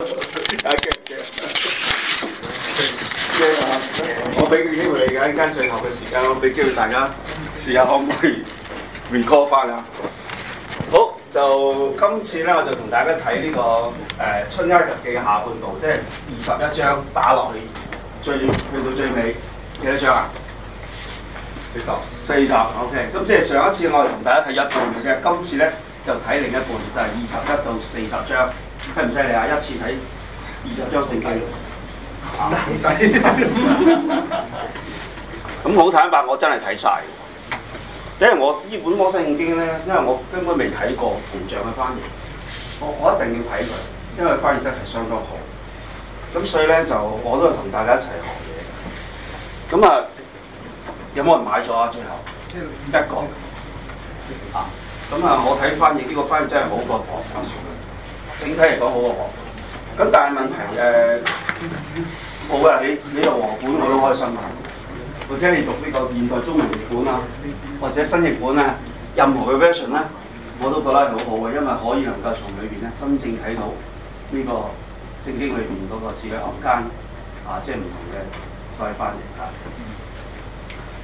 我俾個機會你噶、啊，依間最後嘅時間，我俾機會大家試下可唔可以 record 翻啊！好，就今次咧，我就同大家睇呢、這個誒、呃《出埃及記》嘅下半部，即係二十一章打落去，最去到最尾幾多章啊？四十，四十。OK，咁即係上一次我同大家睇一半，嘅啫，今次咧就睇另一半，就係二十一到四十章。犀唔犀利啊！一次睇二十章聖經，咁好坦白，我真係睇晒。因為我本魔呢本摩西聖經咧，因為我根本未睇過馮象嘅翻譯，我我一定要睇佢，因為翻譯得係相當好。咁所以咧，就我都係同大家一齊學嘢。咁啊，有冇人買咗啊？最後一個啊，咁啊，我睇翻譯呢、這個翻譯真係好過摩西書。整體嚟講好喎，咁但係問題誒，好啊！你你用和本我都開心啊，或者你讀呢個現代中文譯本啊，或者新譯本啊，任何嘅 version 咧，我都覺得係好好嘅，因為可以能夠從裏邊咧真正睇到呢個聖經裏邊嗰個字裏行間啊，即係唔同嘅細翻譯。啊。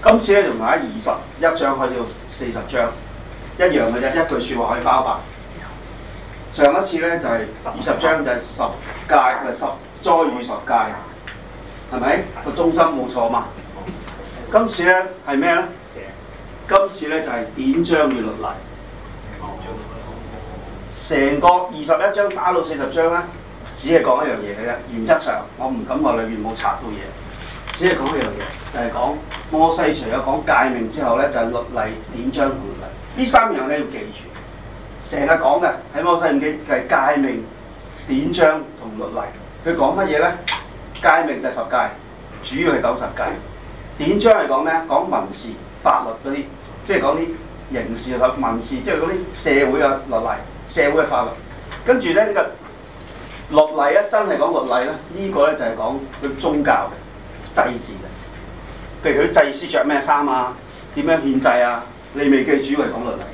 今次咧仲喺二十一章可以四十章一樣嘅啫，一句説話，可以包辦。上一次咧就係二十章就係十誡嘅十災與十誡，係咪個中心冇錯嘛？今次咧係咩咧？今次咧就係、是、典章與律例。成個二十一章打到四十章咧，只係講一樣嘢嘅啫。原則上我唔敢話裏面冇插到嘢，只係講一樣嘢，就係講摩西除咗講誡命之後咧，就係、是、律例、典章同律例。呢三樣咧要記住。成日講嘅喺《摩西五經》就係誡命、典章同律例。佢講乜嘢咧？誡命就係十誡，主要係講十誡。典章係講咩？講民事法律嗰啲，即係講啲刑事同民事，即係嗰啲社會嘅律例、社會嘅法律。跟住咧呢個律例咧，真係講律例咧。呢個咧就係講佢宗教嘅祭祀嘅，譬如啲祭司着咩衫啊？點樣獻祭啊？你未記主要係講律例。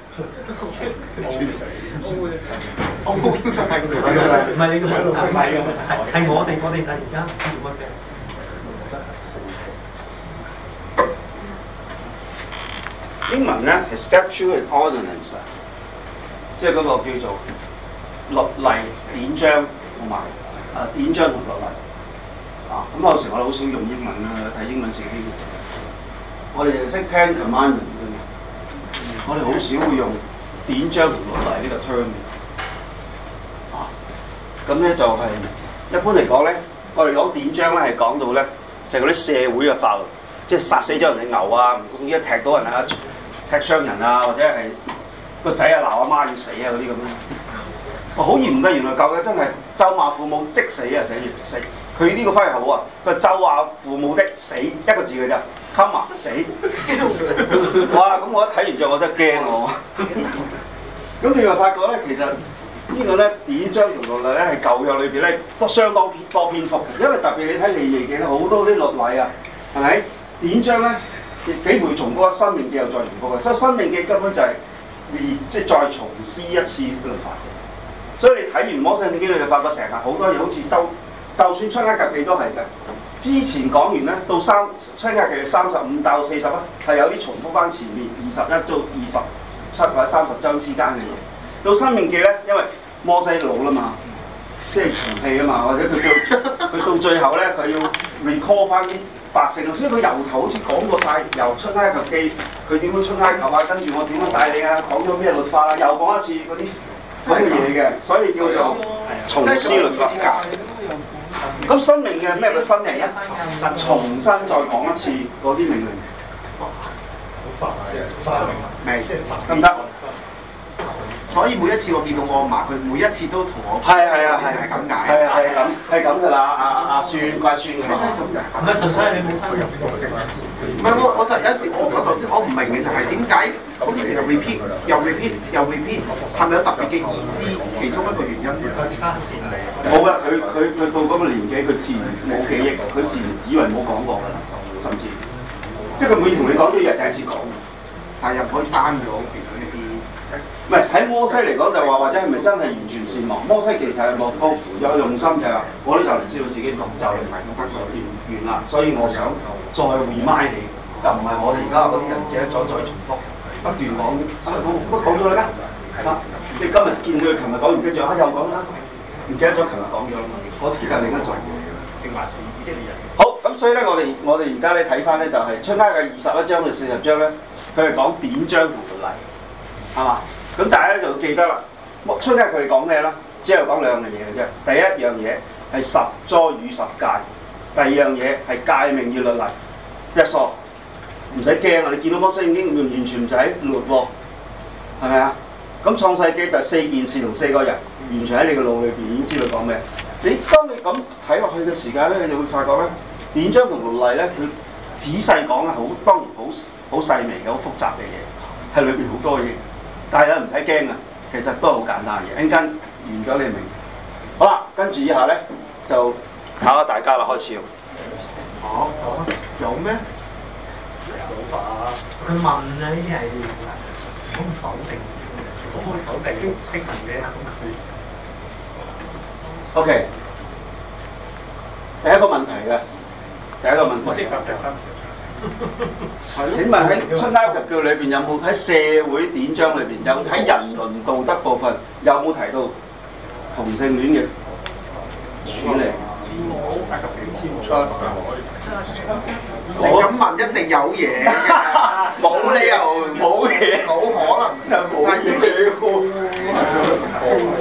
唔係你個，唔係嘅，係係我哋，我哋第二家英文咧係 statue and ordinance 即係嗰個叫做律例典章同埋啊典章同律例啊。咁有時我哋好少用英文啊，睇英文時機我哋就識聽 command 我哋好少會用典章同律例呢個 term 咁咧就係一般嚟講咧，我哋講典章咧係講到咧，就係嗰啲社會嘅法律，即係殺死咗人哋牛啊，唔公義一踢到人啊，踢傷人啊，或者係個仔啊鬧阿媽要死啊嗰啲咁啦。我好唔得原來教嘅真係咒罵父母即死啊，死住死。佢呢個翻譯好啊，佢咒罵父母的死一個字嘅啫，comma 死。 哇！咁我一睇完之後，我真係驚我。咁 你又發覺咧，其實？呢個咧典章同律例咧係舊約裏邊咧都相當多篇幅嘅，因為特別你睇《利未記》好多啲律例啊，係咪典章咧？幾乎重複啊！《申命記》又再重複嘅，所以《申命記》根本就係、是、變即係再重施一次律法嘅。所以你睇完《摩西記》之後，你就發覺成日好多嘢好似都，就算出埃及記都係嘅。之前講完咧，到三出埃及記三十五到四十啦，係有啲重複翻前面二十一到二十七或者三十章之間嘅嘢。到《申命記》咧，因為摩西老啦嘛，即係重申啊嘛，或者佢到佢到最後咧，佢要 recall 翻啲百姓，所以佢由頭好似講過晒，由出埃及記佢點樣出埃及啊，跟住我點樣帶你啊，講咗咩律法啦、啊，又講一次嗰啲咁嘅嘢嘅，所以叫做重思律法。咁《申命》嘅咩《申命》啊？重新再講一次嗰啲命令。法，法，法命，唔得。所以每一次我見到我阿嫲，佢每一次都同我係係啊係係咁解，係啊係咁係咁㗎啦啊啊、嗯、啊，阿孫乖孫㗎，係真係咁解。唔係純粹係你本身，唔係我我，我，我，我，我就有時我我頭先我唔明嘅就係點解好似成日 repeat 又 repeat 又 repeat，係咪有特別嘅意思？其中一個原因。冇㗎，嗯，佢佢佢到嗰個年紀，佢自然冇記憶，佢自然以為冇講過㗎啦，甚至即係佢每次同你講都係第一次講，但係又可以刪咗。唔係喺摩西嚟講就話或者係咪真係完全善忘？摩西其實係冇功夫有用心嘅，我呢就唔知道自己落就唔係咁得完啦，所以我想再 remind 你，就唔係我哋而家嗰啲人記得咗再重複不斷講，乜講咗啦咩？係啦以，即、啊啊、今日見到佢，琴日講完跟住啊又講啦，唔記得咗琴日講咗啦，我接近另一陣。好，咁，所以咧，我哋我哋而家咧睇翻咧就係出埃及二十一章到四十章咧，佢係講典章同例，係嘛？咁大家就記得啦。穆春今日佢哋講咩咧？只有講兩樣嘢嘅啫。第一樣嘢係十災與十戒，第二樣嘢係誡命與律例。That's all 唔使驚啊！你見到摩西，已經完完全唔使喺律喎，係咪啊？咁創世記就係四件事同四個人，完全喺你個腦裏邊已經知道講咩。你當你咁睇落去嘅時間咧，你就會發覺咧，典章同律例咧，佢仔細講咧，好當然好好細微嘅、好複雜嘅嘢，係裏邊好多嘢。但係咧唔使驚啊，其實都係好簡單嘅，一陣間完咗你明。好啦，跟住以下咧就考下大家啦，開始。好講啦，有咩？冇法。佢問咧，呢啲係唔係？我唔否定。我唔否定。聲明嘅咁佢 OK。不不 okay, 第一個問題嘅，第一個問題。請問喺《出埃及記》裏邊有冇喺社會典章裏邊有喺人倫道德部分有冇提到同性戀嘅處理？你敢問一定有嘢，冇理由冇嘢，冇可能係冇嘢，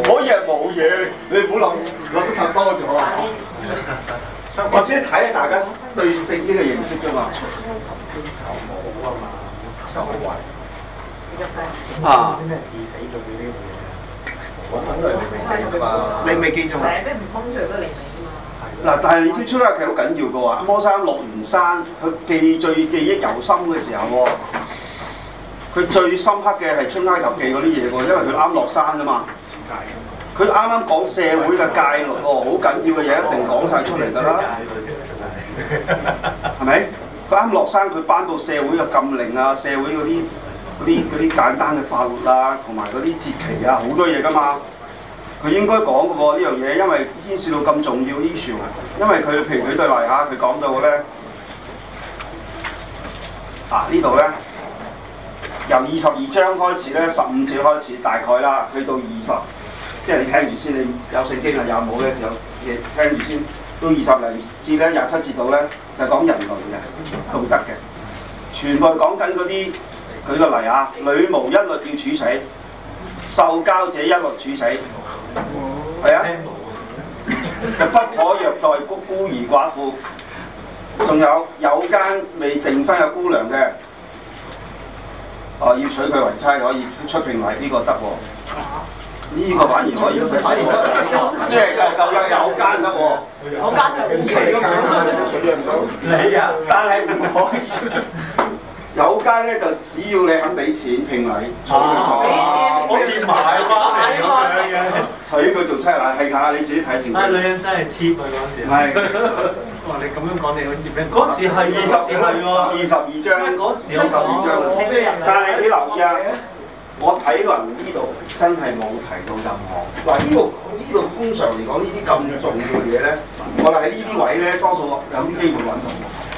可以係冇嘢，你唔好諗，諗得太多咗啊！我只係睇大家對聖經嘅認識啫嘛。啊！啊！自死做啲嘢？我等佢嘛。你未記住唔通出嚟都嚟唔到嘛？嗱，但係出埃及好緊要嘅喎，摩西落完山，佢記最記憶猶深嘅時候，佢最深刻嘅係《出埃及記》嗰啲嘢喎，因為佢啱落山啊嘛。佢啱啱講社會嘅戒律好緊、哦、要嘅嘢一定講晒出嚟㗎啦，係咪？ 啱落山佢頒布社會嘅禁令啊，社會嗰啲啲啲簡單嘅法律啊，同埋嗰啲節期啊，好多嘢㗎嘛。佢應該講嘅喎呢樣嘢，因為牽涉到咁重要呢條，因為佢譬如舉對例嚇，佢講到嘅咧，嗱、啊、呢度咧由二十二章開始咧，十五節開始大概啦，去到二十。即係你聽住先，你有聖經呀有冇咧？就亦聽住先。到二十零至咧，廿七節度咧，就講人類嘅道德嘅。全部講緊嗰啲，舉個例啊，女巫一律要處死，受教者一律處死，係啊，就不可虐待孤兒寡婦。仲有有間未訂婚、個姑娘嘅，哦，要娶佢為妻可以出聘禮、這個，呢、這個得喎。呢個反而可以，即係就舊約有間得喎。我間唔起。你啊，但係唔可以。有間咧就只要你肯俾錢聘禮，娶佢。坐好似買返嚟咁樣嘅。娶佢做妻乸係㗎，你自己睇條件。啊！女人真係黐佢嗰陣時。係。哇！你咁樣講你好熱咩？嗰時係二十幾喎，二十二張，二十二張。但係你留意，我睇落呢度真係冇提到任何，嗱呢個通常嚟講呢啲咁重要嘅嘢咧，我哋喺呢啲位咧多數有機會揾到，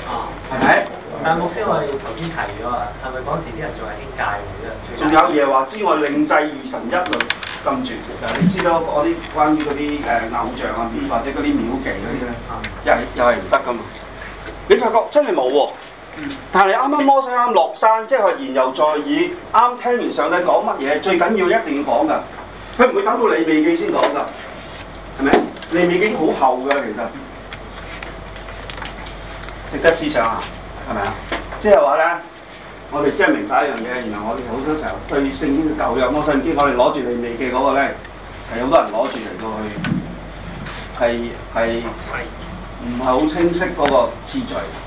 啊係咪？但係摩西頭先提咗啊，係咪講時啲人仲係傾界會啊？仲有耶和華之外另製二神一律禁住，你知道嗰啲關於嗰啲偶像啊，或者嗰啲廟記嗰啲咧，又係又係唔得噶嘛？你發覺真係冇喎。但係你啱啱摩西啱落山，即係言猶在耳。啱聽完上帝講乜嘢，最緊要一定要講噶，佢唔會等到利未記先講噶，係咪？利未記好厚噶，其實值得思想啊，係咪啊？即係話咧，我哋真係明白一樣嘢，然後我哋好少時候對聖經舊約摩西唔知，我哋攞住利未記嗰、那個咧，係好多人攞住嚟過去，係係唔係好清晰嗰個次序。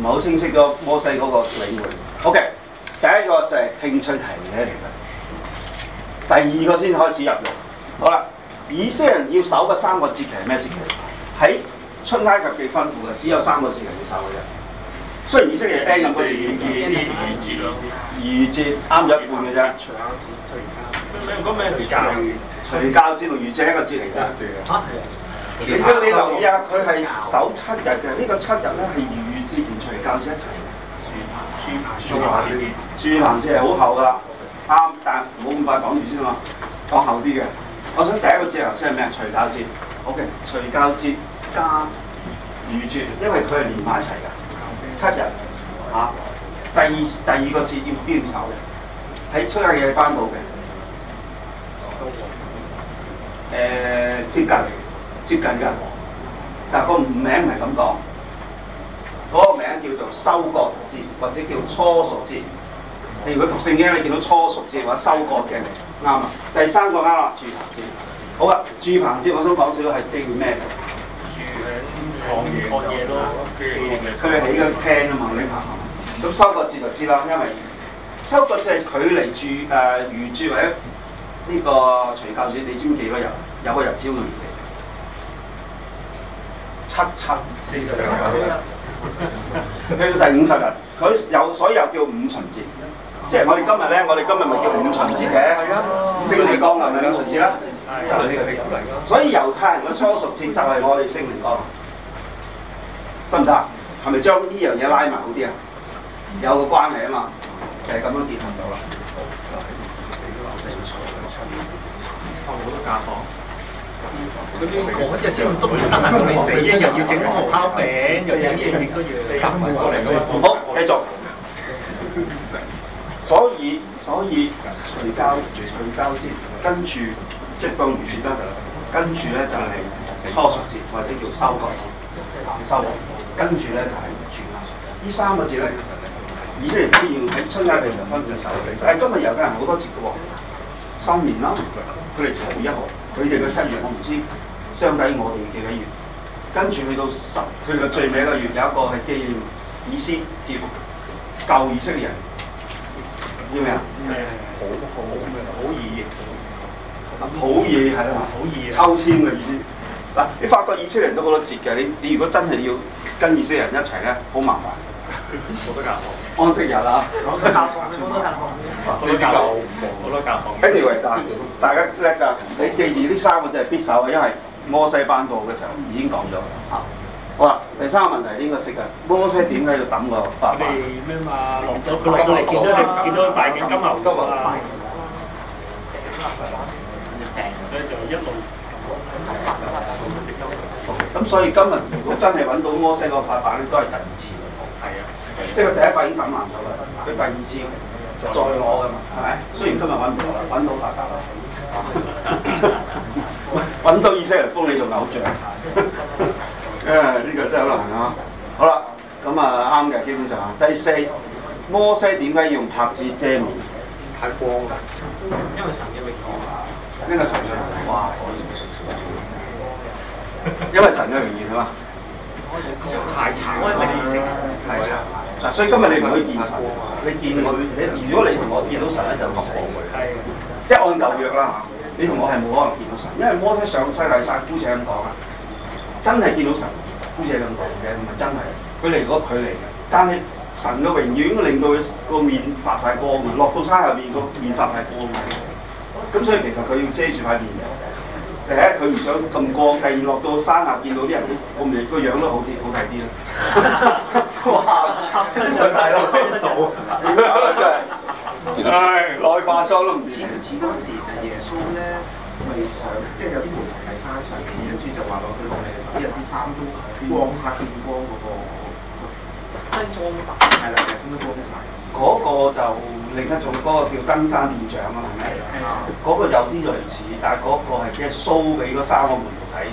唔係好清晰咗摩西嗰個理念。O、okay, K，第一個係興趣題嘅，其實第二個先開始入嘅。好啦，以色列人要守嘅三個節期係咩節期？喺出埃及記吩咐嘅只有三個節期要守嘅啫。雖然以色列人聽咗個預言，逾越節啱咗一半嘅啫。除酵節同逾越節係一個節嚟㗎。嚇係。你你留意下，佢係守七日嘅。呢、這個七日咧係預。之前除酵節一齊，住棚住棚住棚住棚節係好厚噶啦，啱，但係冇咁快講完先啊嘛，講厚啲嘅。我想第一個節頭先係咩啊？除酵節，OK，除酵節加逾越，因為佢係連埋一齊噶，七日嚇、啊。第二第二個節要標手嘅，喺出世嘅頒布嘅。誒、呃，接近接近嘅，但係個名唔係咁講。嗰個名字叫做收割節，或者叫初熟節。你如果讀聖經，你見到初熟節或者收割嘅，啱啊。第三個啱啊，住棚節。好啊，住棚節我想講少少係基於咩嘅？住喺講嘢學嘢都佢係起個廳啊嘛，呢排。咁、嗯、收割節就知啦，因為收割節係佢嚟住，誒、呃、預住或者呢個除酵節你尊幾個人有個日子。七七四十日，去到第五十日，佢又所以又叫五旬節，即係我哋今日咧，我哋今日咪叫五旬節嘅聖靈降臨五旬節啦，就係呢個嚟。所以猶太人嘅初熟節就係我哋聖靈降臨，得唔得？係咪將呢樣嘢拉埋好啲啊？有個關係啊嘛，就係咁樣結合到啦。就係好多嫁嗰日先都唔得閒，你死啫！又要整紅烤餅，又要整嘢，整多嘢死。好，繼續。所以，所以，除酵、除酵節，跟住即當元宵啦。跟住咧就係初熟節，或者叫收割節、收穫。跟住咧就係元宵。依三個節咧，以前只要喺春節入邊分別收成，但係今日猶太人好多節嘅喎。新年啦，佢哋七月一號，佢哋嘅七月我唔知。相抵我哋嘅幾個月，跟住去到十，去到、er, 最尾一個月，有一個係記意思，挑舊意識嘅人，知未？啊、uhm, uh, yes. hey, uh, yes? um, uh,？好好好易嘅，好易係啦，好易。抽籤嘅意思，嗱，你發覺意識人都好多節嘅，你你如果真係要跟意識人一齊咧，好麻煩。好多銀行，安息日啦，好多銀行，好多銀行，anyway，大，大家叻㗎，你記住呢三個字係必守嘅，因為。摩西頒布嘅時候已經講咗啦，好啦，第三個問題應該識嘅，摩西點解要揼個板？佢哋咩嘛，落咗佢落咗嚟，見到見到大幾金牛啊嘛，平，所以就一咁，所以今日如果真係揾到摩西嗰塊板咧，都係第二次嘅噃，係啊，即係佢第一塊已經揼爛咗啦，佢第二次再攞嘅嘛，係咪？雖然今日揾唔到啦，揾到就發達啦。揾到以色列人封你做偶像，誒 呢、嗯這個真係好難啊！好啦，咁啊啱嘅基本上。第四，摩西點解要用帕子遮面？太光啦，因為神嘅榮光啊！因為神嘅榮光，因為神嘅榮耀啊嘛！太殘啦！太殘啦！嗱，所以今日你唔可以見神，你見佢，你如果你同我見到神咧，就會死嘅，即係按舊約啦。你同我係冇可能見到神，因為摩西上西奈山，姑且咁講啊，真係見到神，姑且咁講嘅，唔係真係。佢離嗰距離嘅，但係神嘅榮耀應該令到佢個面發晒光啊！落到山下面個面發晒光啊！咁所以其實佢要遮住塊面嘅，第一佢唔想咁過計，落到山下見到啲人啲個面個樣都好啲好睇啲啦。哇！真係，真係，真係，真係，真係，真係，真係，真係，真係，真係都咧未上，即係有啲門徒喺山上，跟住就話我佢落嚟嘅時候，有啲衫都光光嗰個，光曬，嗰個就另一種，嗰、嗰個叫登山見象啊，係咪？嗰嗎個有啲類似，但係嗰個係即係 show 俾三個門徒睇，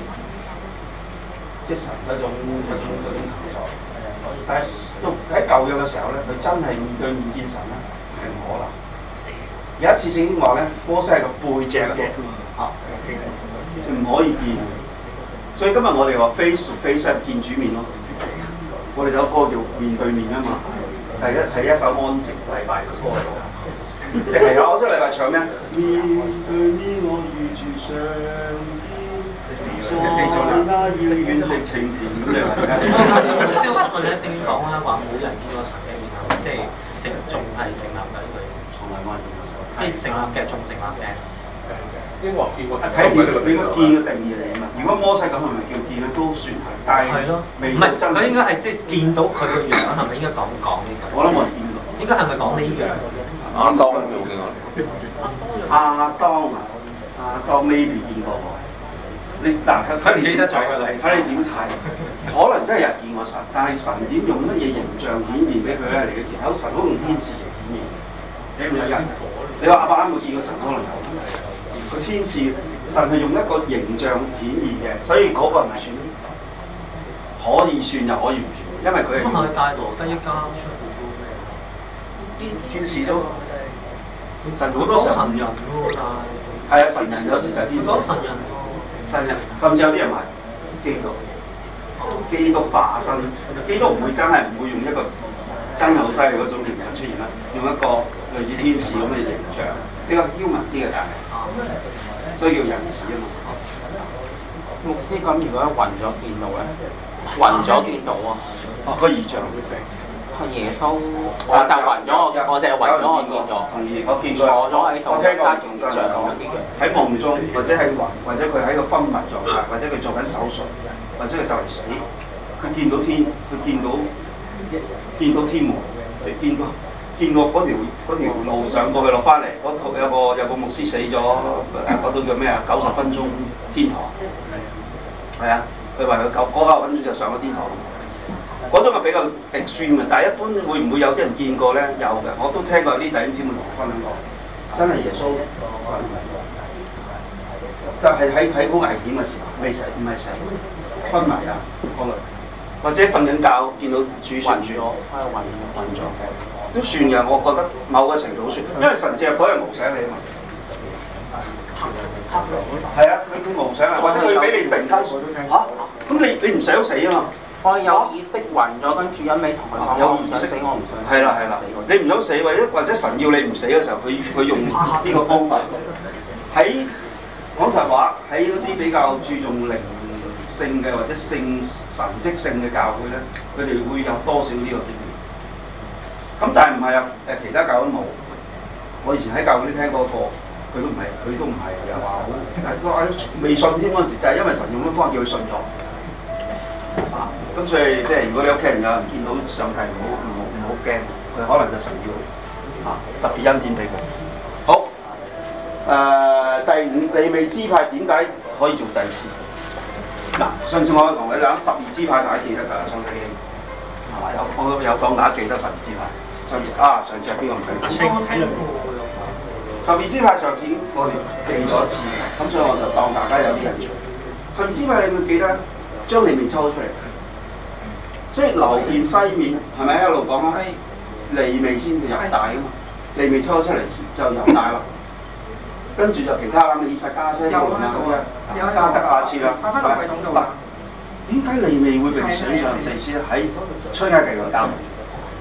即神嗰種嗰種，但係喺舊約嘅時候咧，佢真係面對面見神咧，係唔可能。有一次聖經話咧，摩西係個背脊啊，嚇，就唔可以見。所以今日我哋話 face to face 見主面咯。我哋首歌叫面對面啊嘛，係一係一首安靜禮拜嘅歌。即係我即禮拜唱咩？面對面我遇住上邊，在那要遠的情咁天。笑翻我哋先講啊，話冇人見過神嘅。面口，即係即仲係成立㗎呢句。同埋關。成啊，腳重成物嘅，啲畫叫個睇住嚟，俾個見嘅定義嚟啊嘛。如果摩西咁，係咪叫見咧？都算係，但係唔係真嘅。佢應該係即係見到佢個樣，係咪應該講講呢個？我諗冇見過。應該係咪講呢樣？亞當冇見過。亞當啊，阿當 maybe 見過喎。你嗱，佢唔記得咗佢睇，睇你點睇？可能真係有人見過神，但係神點用乜嘢形象顯現俾佢咧？你嘅見，有神都可以用天使嚟顯現嘅。你唔係人。你話阿伯啱冇見過神，可能有佢天使，神係用一個形象顯現嘅，所以嗰個係咪算？可以算又可以唔算，因為佢係。咁係大羅得一家出嚟嘅，天使都神好多神人，係啊，神人有時就天使，神，神，神人，神人，甚至有啲人唔係基督，基督化身，基督唔會真係唔會用一個真係好犀利嗰種形象出現啦，用一個。類似天使咁嘅形象，比較幽默啲嘅，但係需要引子啊嘛。牧師咁，如果暈咗見到咧，暈咗見到 啊！個異象會成。阿耶穌，我就暈咗，我我就暈咗，我見咗。我見咗。我聽過。我聽過。喺夢中，或者喺暈，或者佢喺個昏迷狀態，或者佢做緊手術，或者佢就嚟死，佢見到天，佢見到見到天王，即見到。見到見過嗰條，條路上過去落翻嚟，套有個有個牧師死咗，嗰度叫咩啊？九十分鐘天堂，係啊，佢話佢舊嗰家揾咗就上咗天堂。嗰種係比較 extreme 嘅，但係一般會唔會有啲人見過咧？有嘅，我都聽過啲弟兄姊妹分享過，真係耶穌，就係喺喺好危險嘅時候，未死唔係死昏迷啊，過或者瞓緊覺見到主神。主我昏咗。都算嘅，我覺得某個程度都算，因為神藉嗰樣無想你啊嘛。係啊，佢佢無想啊，或者佢俾你定然間，咁你你唔想死啊嘛？我有意識暈咗，跟住一味同佢有意識死我唔想。係啦係啦，你唔想死或者或者神要你唔死嘅時候，佢佢用邊個方法？喺講實話，喺嗰啲比較注重靈性嘅或者聖神蹟性嘅教會咧，佢哋會有多少呢個？咁但係唔係啊？誒其他教都冇。我以前喺教會都聽過課，佢都唔係，佢都唔係又話好。未信添嗰陣時，就係因為神用乜方法叫佢信咗。啊，咁所以即係如果你屋企人有人見到上帝唔好唔好唔好驚，佢可能就神要啊，特別恩典俾佢。好。誒、呃，第五利未支派點解可以做祭司？嗱、啊，上次我同你講十二支派大家記得㗎，上次。係咪？有我有放大鏡得十二支派。上次啊，上次邊個睇？我聽十二支派，上次我哋記咗一次，咁所以我就當大家有啲印象。十二支派你記唔記得？將利未抽出嚟，即係流便、西緬，係咪一路講啊？利未先猶大啊嘛，利未抽出嚟就猶大啦。跟住就其他啦，咪以實加升一路咁樣，加得下次啦。點解利未會被想象最先喺出埃及嗰度？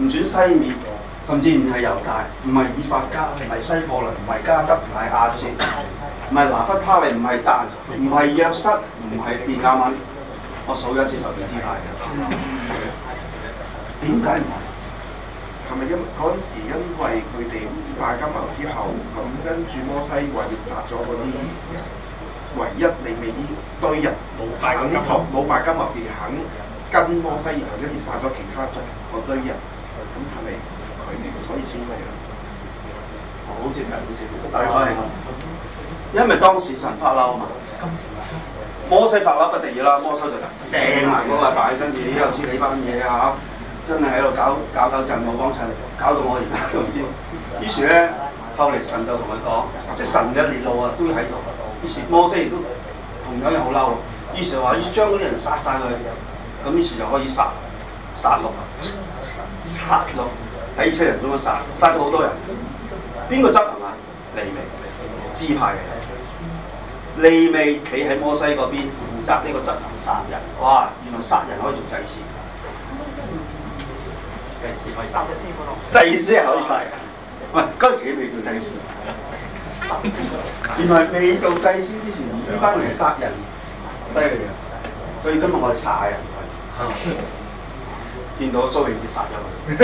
唔轉西面，甚至唔係猶大，唔係以薩迦，唔係西伯倫，唔係加德，唔係亞設，唔係拿弗他利，唔係但，唔係約瑟，唔係便雅憫。我數一次數十二支派。點解唔係？係咪因嗰陣時因為佢哋拜金牛之後，咁跟住摩西話要殺咗嗰啲唯一你未未堆人，冇拜金牛，冇拜金牛而肯跟摩西，然後跟住殺咗其他族個堆人。咁係咪佢嚟？所以先飛啦，好正啊！好正，大概係嘛？因為當時神發嬲啊嘛，摩西發嬲不得要啦，摩西就掟埋嗰個真，跟住又知幾班嘢啊嚇！真係喺度搞搞搞震冇幫襯，搞到我而家都唔知。於是咧，後嚟神就同佢講，即係神嘅烈怒啊，都喺度。於是摩西亦都同樣又好嬲，於是話要將嗰啲人殺晒佢，咁於是就可以殺殺落嚟。殺咯，喺以色列人中間殺，殺咗好多人。邊個執行嘛、啊？利未支派嘅人，利未企喺摩西嗰邊負責呢個執行殺人。哇！原來殺人可以做祭司，祭司可以殺，祭司可以殺人。唔係嗰時佢未做祭司， 原來未做祭司之前呢班人殺人犀利啊！所以今日我哋殺人。 見到蘇永哲殺咗佢，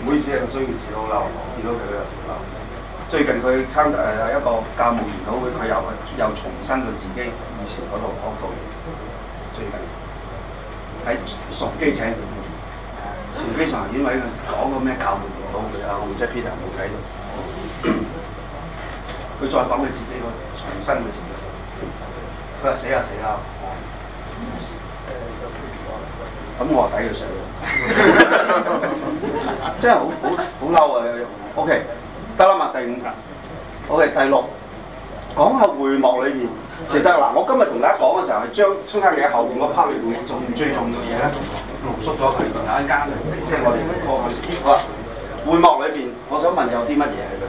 唔好意思啊，蘇永哲好嬲，見到佢好嬲。最近佢參誒一個教務員嗰個，佢又又重申佢自己以前嗰套學套。最近喺崇基請，佢基常務委嘅講個咩教務員嗰個啊，我唔知 Peter 冇睇到。佢 再講佢自己個重新嘅情佢話死啊死啊！死啊咁、嗯、我話抵佢死， 真係好好好嬲啊你！OK，得啦嘛，第五，OK，第六，講下會幕裏邊。其實嗱，我今日同大家講嘅時候係將春生嘅後邊嗰 part 裏邊最重要嘅嘢咧，濃縮咗佢。下一間，即係、就是、我哋過去哇，會幕裏邊，我想問有啲乜嘢喺度？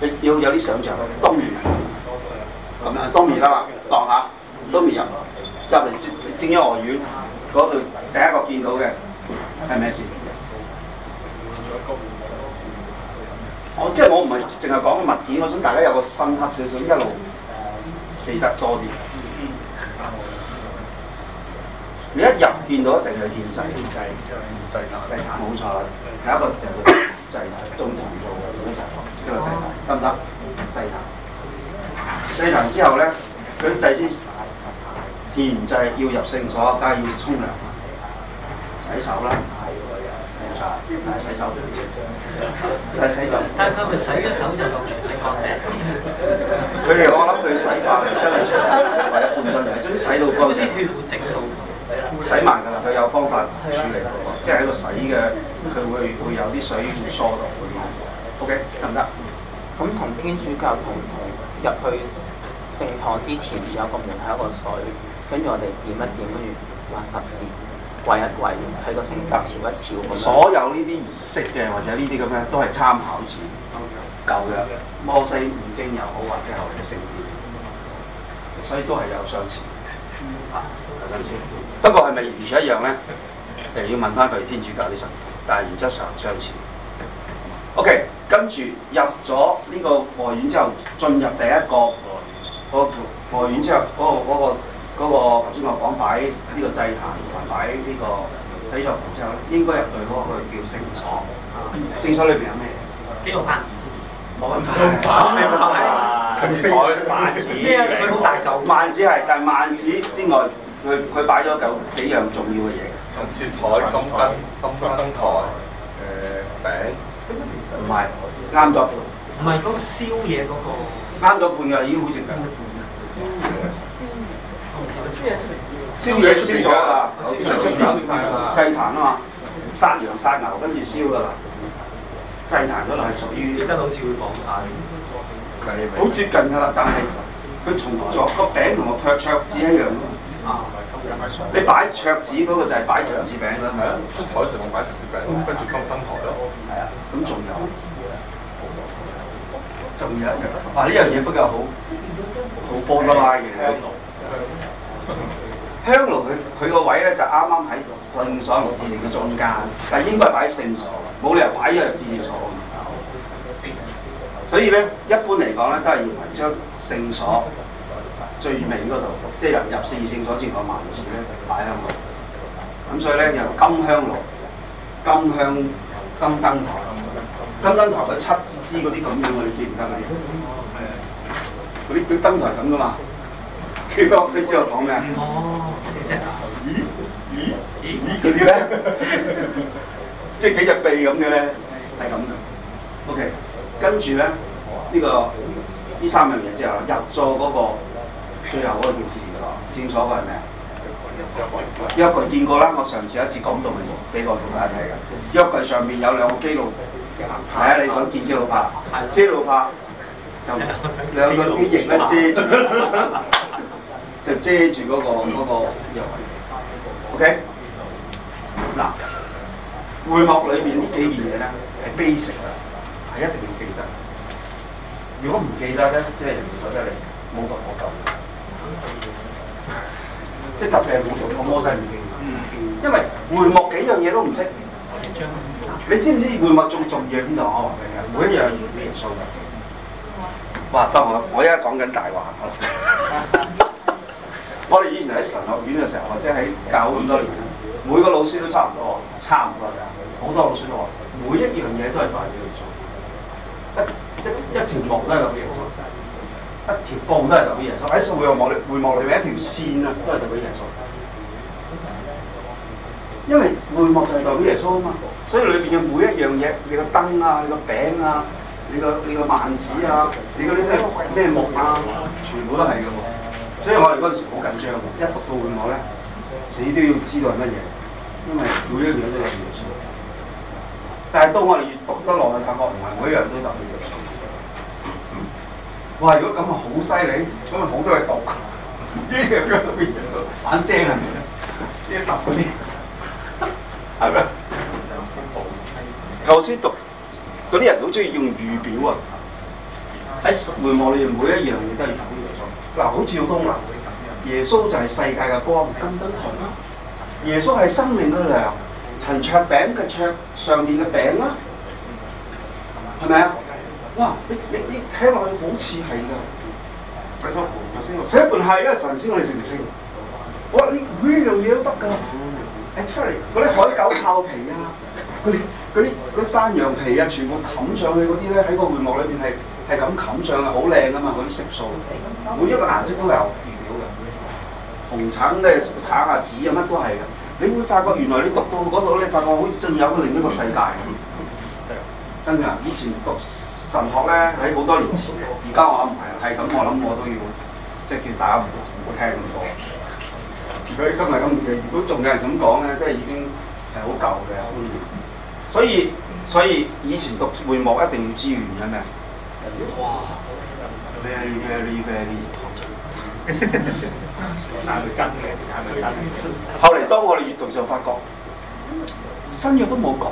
你要有啲想像，當然咁樣，當然啦嘛，當下都未入，入嚟正一外院嗰度第一個見到嘅係咩事？嗯嗯哦、即我即係我唔係淨係講個物件，我想大家有個深刻少少，一路記得多啲。嗯、你一入見到一定係獻祭，冇錯，第一個就係祭壇，銅做嘅一個祭壇。得唔得？祭壇，祭壇之後咧，佢祭先獻祭，要入聖所，但係要沖涼、洗手啦。係㗎，冇錯，但洗手。但係佢咪洗咗手就咁全身洗身洗洗乾淨？佢哋我諗佢洗法係真係沖涼洗到一半洗到個。淨洗埋㗎啦。佢有方法處理嗰了個，即係喺度洗嘅，佢會會有啲水會疏導嗰啲。O K，得唔得？咁同天主教同同入去聖堂之前有個門係有個水，跟住我哋點一點跟住畫十字，跪一跪，喺個聖潮潮，磕一磕，所有呢啲儀式嘅或者呢啲咁樣都係參考住舊嘅摩西五經又好或者後嚟嘅聖經，所以都係有相似。係咪先？不過係咪完全一樣咧？誒，要問翻佢天主教啲神，但係原則上相似。OK，跟住入咗呢個外院之後，進入第一個外院之後、那個，嗰、那個嗰、那個頭先我講擺呢個祭壇，同埋擺呢個洗濯盆之後，應該入到嗰、那個叫聖所、啊。聖所裏邊有咩？金玉牌，玉牌，玉牌、啊，陳設、啊、台，幔，因為佢好大就幔子係，但係幔子之外，佢佢擺咗嚿幾樣重要嘅嘢。陳設台、金燈、金，金，金，金燈台、誒、呃、餅。唔埋啱咗唔係嗰個燒嘢嗰個。啱咗半㗎，已經好正㗎。一半啊！宵、um、夜，宵夜，出嚟、uh, mm, right.。燒嘢出咗啦，好出名。祭壇啊嘛，殺羊殺牛跟住燒㗎啦。祭壇嗰度係屬於。跟到好似會放曬。好接近㗎啦，但係佢重複咗個餅同個桌桌子一樣啊，你擺桌子嗰個就係擺陳設餅啦。係啊 habitude，出台上面擺陳設餅，跟住放燈台咯。huh screen 仲有，仲有一樣，啊呢樣嘢比較好，好波多拉嘅香爐。香爐佢佢個位咧就啱啱喺聖所和至聖所嘅中間，但係應該係擺喺聖所，冇理由擺咗入至聖所啊，所以咧，一般嚟講咧都係要圍住聖所最尾嗰度，嗯、即係入入字聖所至外萬字咧擺、嗯、香爐。咁所以咧由金香爐，金香。金香金燈台，金燈台佢七支支嗰啲咁樣啊，你知唔得嗰啲？誒，嗰啲佢燈台咁噶嘛？點你知我講咩哦，清晰啦。咦咦咦？嗰啲咧， 呢 即係幾隻臂咁嘅咧？係咁嘅。OK，跟住咧呢、這個呢三樣嘢之後入咗嗰個最後嗰個字啊，正所謂係咩約櫃見過啦，我上次一次講到明喎，俾我同大家睇嘅。約櫃上面有兩個基路伯，啊，你想見基路伯？基路伯就兩個啲翼咧遮住，就遮住嗰個嗰、嗰個約。嗯、OK，嗱、啊，會幕裏面呢幾件嘢咧係 basic 啊，係一定要記,記得。如果唔記得咧，即係人哋覺得你冇咁可靠。即係特別係冇做個摩西嘅，因為會幕幾樣嘢都唔識。嗯嗯、你知唔知會幕最重要邊度？我話俾你聽，每一樣要元素㗎。哇！得我我而家講緊大話，我哋 以前喺神學院嘅時候，或者喺教咁多年，每個老師都差唔多，差唔多㗎。好多老師都話，每一樣嘢都係大嘅元素，一一條目都係咁樣。一條布都係代表耶穌，喺會幕裏，會幕裏邊一條線啊，都係代表耶穌。因為會幕就係代表耶穌啊嘛，所以裏邊嘅每一樣嘢，你個燈啊，你個餅啊，你個你個幔子啊，你個啲咩咩木啊，全部都係㗎。所以我哋嗰陣時好緊張，一讀到會幕咧，死都要知道係乜嘢，因為每一樣嘢都係代表耶穌。但係當我哋越讀得落去，發覺唔係每一樣都代表。哇！如果咁啊，好犀利，咁啊好多嘢讀，呢樣嗰樣都變耶穌，反釘係咪咧？呢揼嗰啲係咪咧？舊時讀嗰啲人好中意用預表啊，喺回望你哋每一樣嘢都係預表。嗱，好似好東南，耶穌就係世界嘅光，金燈台、啊；耶穌係生命嘅糧，陳卓餅嘅卓，上面嘅餅啦，係咪啊？哇！你你你聽落去好似係㗎，洗手盤，神仙，洗手盤係啊！神仙我哋信唔信？我話你每樣嘢都得㗎，誒、嗯哎！sorry，嗰啲海狗泡皮啊，嗰啲啲啲山羊皮啊，全部冚上去嗰啲咧，喺個帷幕裏邊係係咁冚上嘅，好靚啊嘛！嗰啲色素，每一個顏色都有預料嘅，紅橙咧橙下、啊、紫啊乜、啊啊、都係嘅。你會發覺原來你讀到嗰度咧，你發覺好似進入咗另一個世界。真㗎！以前讀。神學咧喺好多年前，而家我諗唔係，係咁我諗我都要即係叫大家唔好唔好聽咁多。如果今日咁，如果仲有人咁講咧，即係已經係好舊嘅。所以所以以前讀會幕一定要知原因咩？哇！Very very very 後嚟當我哋閲讀就發覺新約都冇講。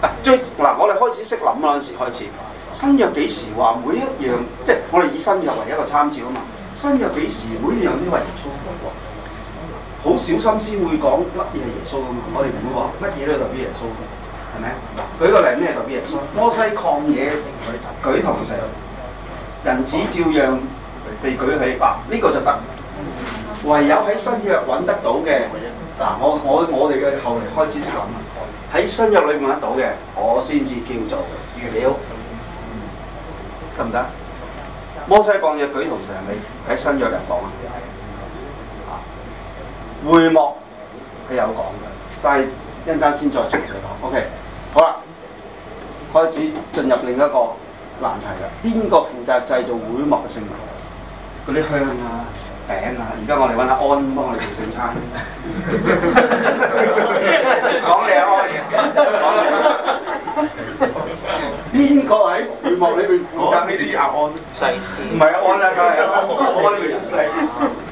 啊，最嗱、啊、我哋開始識諗嗰陣時開始。新約幾時話每一樣？即係我哋以新約為一個參照啊嘛。新約幾時每一樣都係耶穌？好小心先會講乜嘢係耶穌嘅嘛。我哋唔會話乜嘢都代表耶穌嘅，係咪？舉個例咩代表耶穌？摩西曠野舉舉銅蛇，人子照樣被舉起，嗱、啊、呢、呢個就得。唯有喺新約揾得到嘅嗱、啊，我我我哋嘅後嚟開始咁啊。喺新約裏邊揾得到嘅，我先至叫做預表。得唔得？摩西講嘢舉動成係咪喺新約入講啊？啊，會幕佢有講嘅，但係一陣間先再詳細講。OK，好啦，開始進入另一個難題啦。邊個負責製造會幕聖台嗰啲香啊餅啊？而家我哋揾阿安幫我哋做聖餐，講 嘢啊！講邊個喺序幕裏面負責呢啲亞安？唔係亞安啊！亞安亞安喺度出世，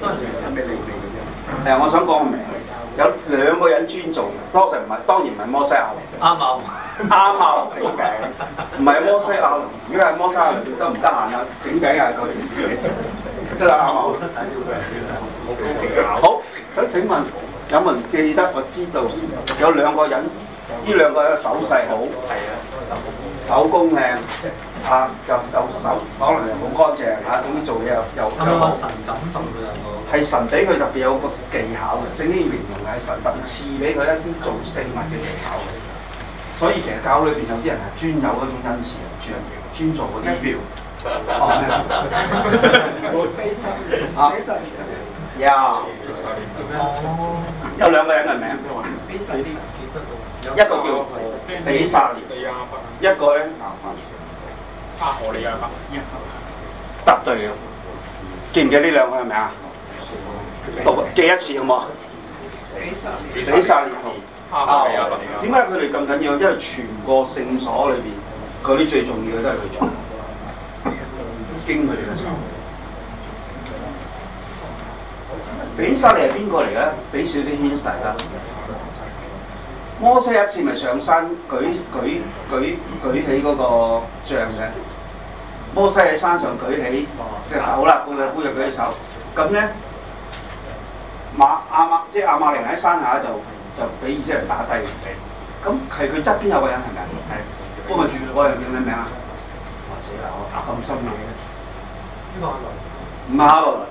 都係做緊咩利未嘅啫。係，我想講明，有兩個人尊重嘅，當時唔係當然唔係摩西亞。啱冇，啱冇，唔係摩西亞，如果係摩西亞周唔得閒啦，整餅係佢，真係啱冇。好，想請問有冇人記得我知道有兩個人，呢兩個人嘅手勢好。係啊。手工嘅啊，又、哦、又手可能又好乾淨啊，總之做嘢又又又冇。係神感動佢係神俾佢特別有個技巧嘅，聖經形容係神特別賜俾佢一啲做聖物嘅技巧。所以其實教裏邊有啲人係專有嗰種恩賜嘅，專專做嗰啲 feel。有兩個人嘅名，一個叫，比薩利，一個咧，阿何利啊嘛，答對了，記唔記得呢兩個係咪啊？讀記一次好冇？比薩利同啊，點解佢哋咁緊要？因為全個聖所裏邊，嗰啲最重要嘅都係佢做， 經佢嘅手。嗯、比薩利係邊個嚟嘅？俾少少提示大家。摩西一次咪上山舉舉舉舉起嗰個杖嘅，摩西喺山上舉起隻手啦，咁啊背住舉隻手，咁咧馬亞馬即係亞馬尼喺山下就就俾以色列人打低。咁係佢側邊有個人係咪？係，幫我記住嗰個人叫咩名啊？我死啦，我打咁深嘅咧。呢個係亞倫。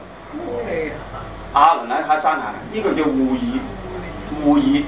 唔係亞倫，亞倫喺喺山下，呢、呢個叫護爾，護爾。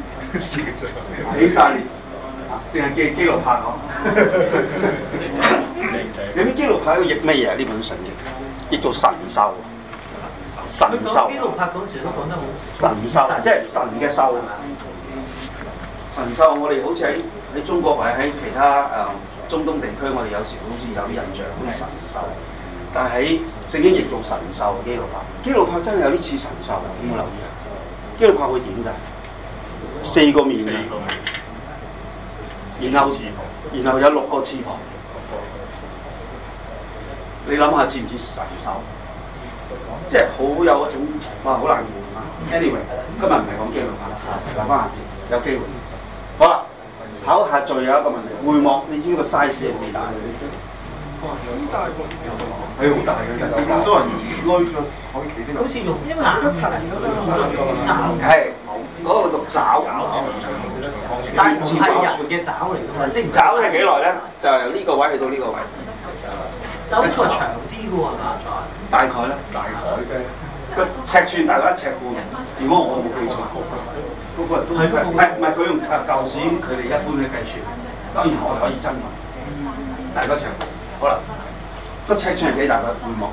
起錯三年，啊， 淨係基基路柏嗬，你知有冇基路柏譯咩嘢？呢本神經譯做神獸。神獸。佢講基路柏嗰時都講得神吧神好神獸，即係神嘅獸。神獸，我哋好似喺喺中國或者喺其他誒中東地區，我哋有時好似有啲印象，好似神獸。但係喺聖經譯做神獸，基路柏。基路柏真係有啲似神獸，有冇留意啊？基路柏會點㗎？四個面，然後然後有六個翅膀，你諗下似唔似神手？即係好有一種哇，好難形容啊。Anyway，今日唔係講驚龍，留翻下次有機會。好啦，考下仲有一個問題，會幕你知個 size 係幾大？哇 c interf drink！咁大個，係好大。咁多人可以企得落，好似用萬一層咁樣，嗰個獨爪，但係人嘅爪嚟嘅，爪係幾耐咧？就係由呢個位去到呢個位，都仲長啲嘅喎，大概咧，大概啫。個尺寸大概一尺半，如果我冇記錯，嗰個都係唔係佢用啊舊錢？佢哋、就是、一般嘅計算，當然我可以增大，但係長，好啦，個尺寸係幾大五個？嗯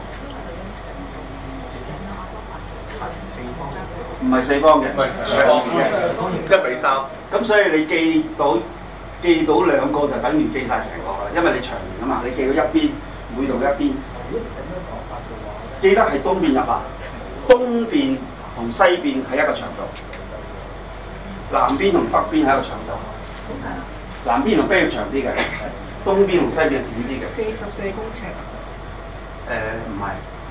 唔係四方嘅，唔係長圓嘅， 一比三。咁所以你記到記到兩個就等於記晒成個啦，因為你長圓啊嘛，你記到一邊每度一邊。記得係東邊入啊，東邊同西邊係一個長度，南邊同北邊係一個長度。南邊同北要長啲嘅，東邊同西邊短啲嘅。四十四公尺。誒、呃，唔係。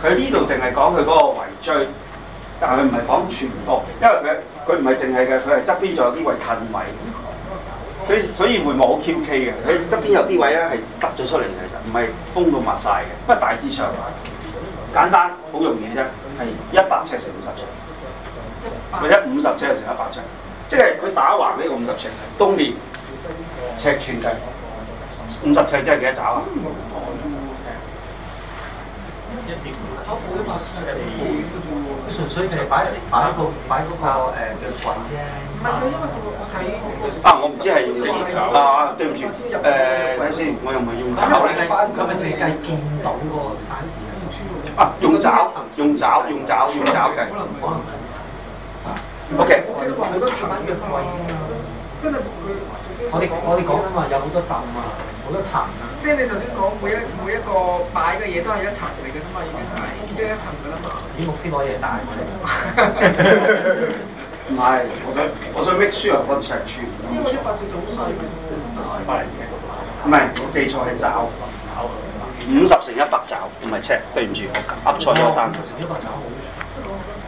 佢呢度淨係講佢嗰個圍墜，但係佢唔係講全部，因為佢佢唔係淨係嘅，佢係側邊仲有啲位近位，所以所以會冇 QK 嘅。佢側邊有啲位咧係凸咗出嚟嘅，其實唔係封到密晒嘅。不過，大致上簡單，好容易啫，係一百尺乘五十尺，或者五十尺乘一百尺，即係佢打橫呢個五十尺係東面尺寸計五十尺，即係幾多肘啊？純粹就係擺擺個擺嗰塊誒嘅棍啫。係因為我啊，我唔知係用石頭啊，對唔住誒。等下先，我又唔係用爪咧。佢咪淨係計見到喎，散時用磚用。啊，用爪？用爪？用爪？用爪計？可能可能。啊，OK。好多產嘅規啊，真係我哋我哋講因為有好多集嘛。好多層啊！即係你頭先講每一每一個擺嘅嘢都係一層嚟嘅啫嘛，已經係即係一層嘅啦嘛。咦？牧師攞嘢帶過嚟。唔係，我想我想 make sure 個尺寸。因為一百尺就好細嘅。翻嚟，唔係，我記錯係爪，五十乘一百爪，唔係尺，對唔住，噏錯咗一單。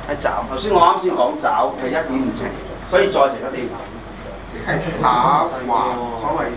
係爪。頭先我啱先講爪係一點五尺，所以再乘一點五。打橫所謂。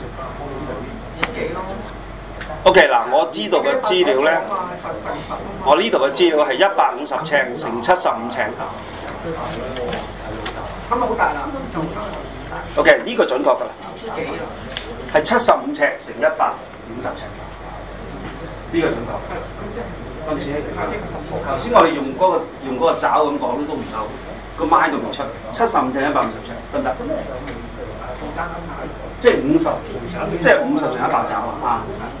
O K，嗱我知道嘅資料咧，我呢度嘅資料係一百五十尺乘七十五尺。咁啊，好大啦。O K，呢個準確㗎喇，係七十五尺乘一百五十尺。呢個準確。頭先，頭先我哋用嗰個用嗰個爪咁講都唔夠，個麥度唔出。七十五尺一百五十尺。得唔得？即係五十，即係五十乘一百爪啊！啊！